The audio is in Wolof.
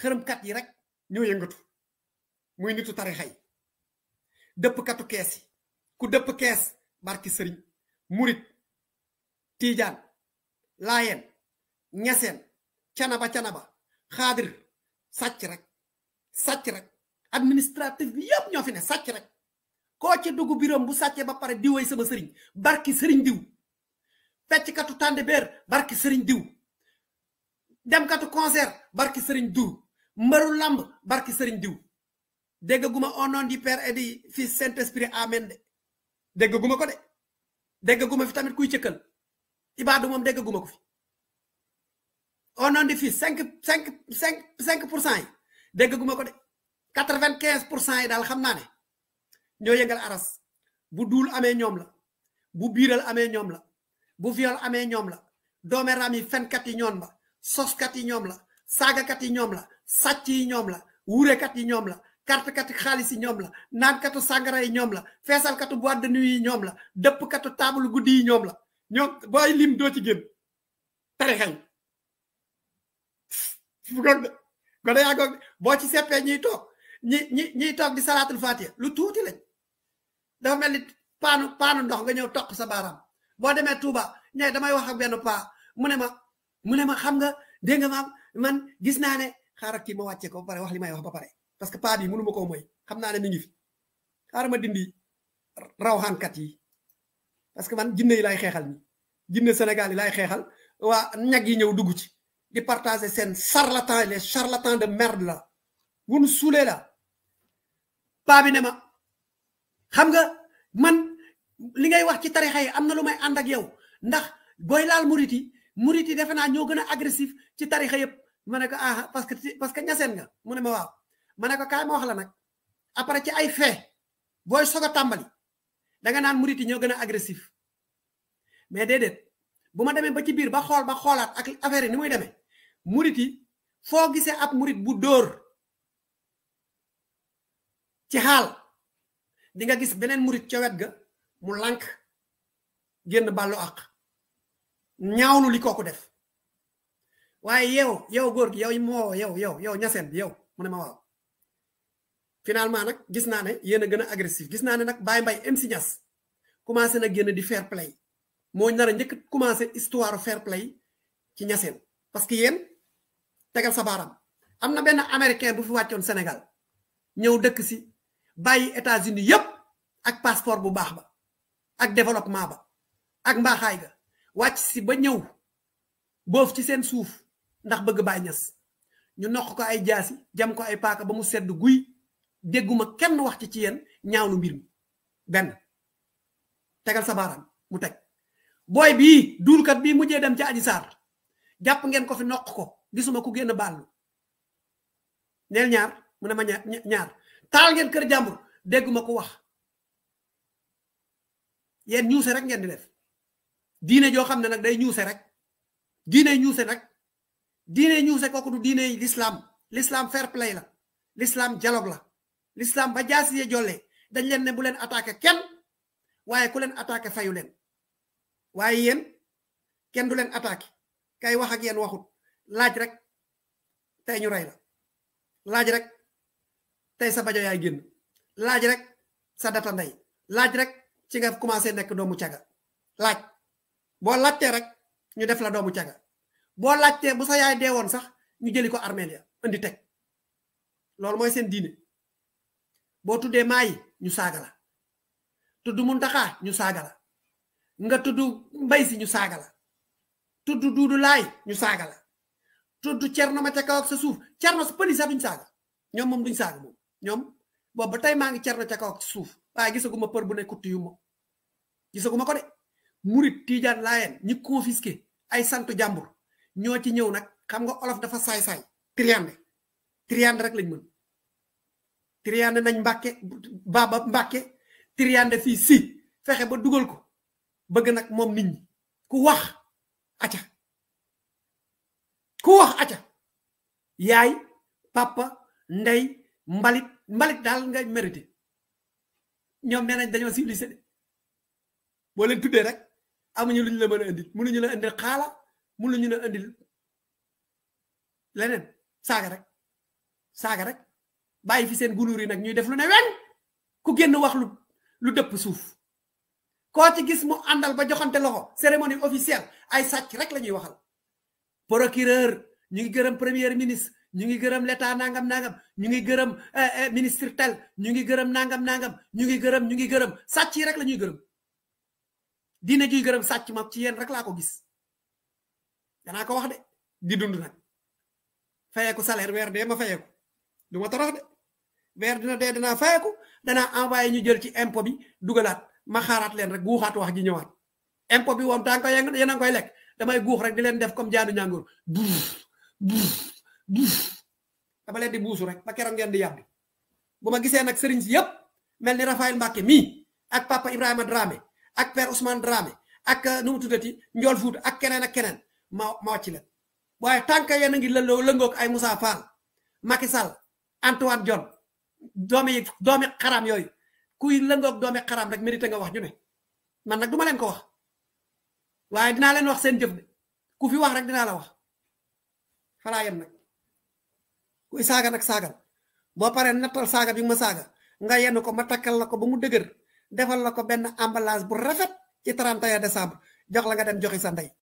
xërëmkat yi rek ñoo yëngatu muy nitu tarixa yi dëppkatu kees yi ku dëpp kees barki sëriñ murit tiijaan laayeen ñeseen canaba canaba xaadir sàcc rek sàcc rek administratif bi ñofine ñoo sàcc rek koo ci dugg biram bu sàccee ba pare diwéy sama sëriñ barki sëriñ diw fecckatu tànde béer barki sëriñ diw demkatu concert barki sëriñ diw mbaru lamb barki sëriñ diw déggaguma au nom du père et du fils Saint-Esprit amen de déggaguma ko de déggaguma fi tamit kuy cëkkal ibaadu moom déggaguma ko fi au fi du fils cinq cinq cinq cinq pour cent yi déggaguma ko de quatre vingt quinze pour cent yi daal xam naa ne ñoo yëngal aras bu duul amee ñoom la bu biiral amee ñoom la bu viol amee ñoom la doomeraam yi fenkat yi ñoon la soskat yi ñoom la saagakat yi ñoom la sàcc yi ñoom la wurekat yi ñoom la kartekatu xaalis yi ñoom la naankatu sàngara yi ñoom la feesalkatu boîte de nuit yi ñoom la dëppkatu table guddi yi ñoom la ñoom booy lim doo ci génn tarixañ gone yaa goog boo ci seppee ñuy toog ñi ñi ñiy toog di salaatul fatiha lu tuuti lañ dafa mel ni paanu paanu ndox nga ñëw toq sa baaraam boo demee tuuba ñee damay wax ak benn paa mu ne ma mu ne ma xam nga dégg nga maam man gis naa ne xaaral kii ma wàccee pare wax li may wax ba pare parce que paa bi mënu ma koo mooy xam naa ne mi ngi fi xaaral ma dindi rawxaankat yi parce que man jinne yi laay xeexal ni jinne Sénégal yi laay xeexal waa ñag yi ñëw dugg ci di partager seen charlatan les charlatans de merde la wun suulee la paa bi ne ma xam nga man li ngay wax ci tarixa yi am na lu may ànd ak yow ndax booy laal murit yi murit yi defe naa ñoo gën a agressif ci tarixa yëpp ma ne ko ah parce que parce que ñaseen nga mu ne ma waaw ma ne ko kaay ma wax la nag après ci ay fait booy soog a tàmbali danga naan murit yi ñoo gën a agressif mais déedéet bu ma demee ba ci biir ba xool ba xoolaat ak affaire yi ni muy demee murit yi foo gisee ab murit bu dóor ci xaal di nga gis beneen murit ca wet ga mu lànk génn bàllu àq ñaawlu li kooku def waaye yow yow góor gi yow moo yow yow yow ñaseen bi yow mu ne ma waaw finalement nag gis naa ne yéen a gën a agressif gis naa ne nag Baye Mbaye MC Niass commencé na génn di fair play moo nar a njëkk commencé histoire fair play ci ñaseen parce que yéen tegal sa am na benn américain bu fi wàccoon senegal ñëw dëkk si bàyyi États-Unis yëpp ak passeport bu baax ba ak développement ba ak mbaaxaay ga wàcc si ba ñëw boof ci seen suuf ndax bëgg Baay Ñas ñu noq ko ay jaasi jam ko ay paaka ba mu sedd guy dégguma kenn wax ci ci yéen ñaaw nu mbir mi benn tegal sa baaraam mu teg booy bii duulkat bii mujjee dem ci aji saar jàpp ngeen ko fi noq ko gisuma ku génn baalu neel ñaar mu ne ma ñaar taal ngeen kër jàmbur dégguma ko wax yéen ñuuse rek ngeen di def diine joo xam ne nag day ñuuse rek diine ñuuse nag diine ñu se kooku du diine lislaam l'islam l'islam fair play la lislaam dialogue la l'islam ba jaasiye jole dañ leen ne bu leen attaqué kenn waaye ku leen attaqué fayu leen waaye yéen kenn du leen attaqué kay wax ak yéen waxut laaj rek tey ñu rey la laaj rek tey sa bajo yaay génn laaj rek sa data ndey laaj rek ci nga commencé nekk doomu caga laaj boo laajtee rek ñu def la doomu caga boo laajtee bu sa yaay dee woon sax ñu jëli ko armeel ya indi teg loolu mooy seen diine boo tuddee maay ñu saaga la tudd muntaxaa ñu saaga la nga tudd mbay si ñu saaga la tudd duudu laay ñu saaga la tudd cerno ma ca kaw ak sa suuf cerno su pëli sax duñ saaga ñoom moom duñ saaga moom ñoom boobu ba tey maa ngi cerno ca kaw ak sa suuf waaye gisaguma për bu ne kutti yu ma gisaguma ko de murit tiijaan laayeen ñi confisqué ay santu jàmbur ñoo ci ñëw nag xam nga olof dafa saay-saay triande triyande rek lañ mën triande nañ mbàkke baaba mbàkke triande fii si fexe ba dugal ko bëgg nag moom nit ñi ku wax aca ku wax aca yaay papa ndey mbalit mbalit daal nga mérité ñoom nee nañ dañoo civilisé de boo leen tuddee rek amuñu luñ la mën a indi mënuñu la indil xaala mun la ñu ne indil leneen saaga rek saaga rek bàyyi fi seen gunóor yi nag ñuy def lu ne wen ku génn wax lu lu dëpp suuf koo ci gis mu àndal ba joxante loxo cérémonie officielle ay sàcc rek la ñuy waxal procureur ñu ngi gërëm premier ministre ñu ngi gërëm l'état nangam nangam ñu ngi gërëm eh, eh, ministre tel ñu ngi gërëm nangam nangam ñu ngi gërëm ñu ngi gërëm sàcc rek la ñuy gërëm diine juy gërëm sàcc ma ci yéen rek laa ko gis danaa ko wax de di dund nag fayeeku salaire weer de ma fayeeku du ma torox de weer dina dee danaa fayeeku danaa envoyé ñu jël ci impôt bi dugalaat ma xaaraat leen rek guuxaat wax ji ñëwaat impôt bi woom tànk yéen a ngi koy lekk damay guux rek di leen def comme jaadu ñàngoor buuf buuf buuf dama leen di buusu rek ba keroog ngeen di yàbbi bu ma gisee nag sëriñ si yëpp mel ni Raphaël Mbacke mii ak papa Ibrahima Dramé ak père Ousmane Dramé ak euh, nu mu tuddati Njool Fuuta ak keneen ak keneen ma ma wàcc leen waaye tànk yéen ngi ngi lëloo lëngoog ay Moussa Fall Macky Sall Antoine Diome doomi yi doomi xaraam yooyu kuy lëngoog doomi xaraam rek mérité nga wax ñu ne man nag du ma leen ko wax waaye dinaa leen wax seen jëf de ku fi wax rek dinaa la wax falaa yem nag kuy saaga nag saagal boo paree nattal saaga bi ma saaga nga yenn ko ma takkal la ko ba mu dëgër defal la ko benn emballage bu rafet ci 31 décembre jox la nga dem joxi sa ndey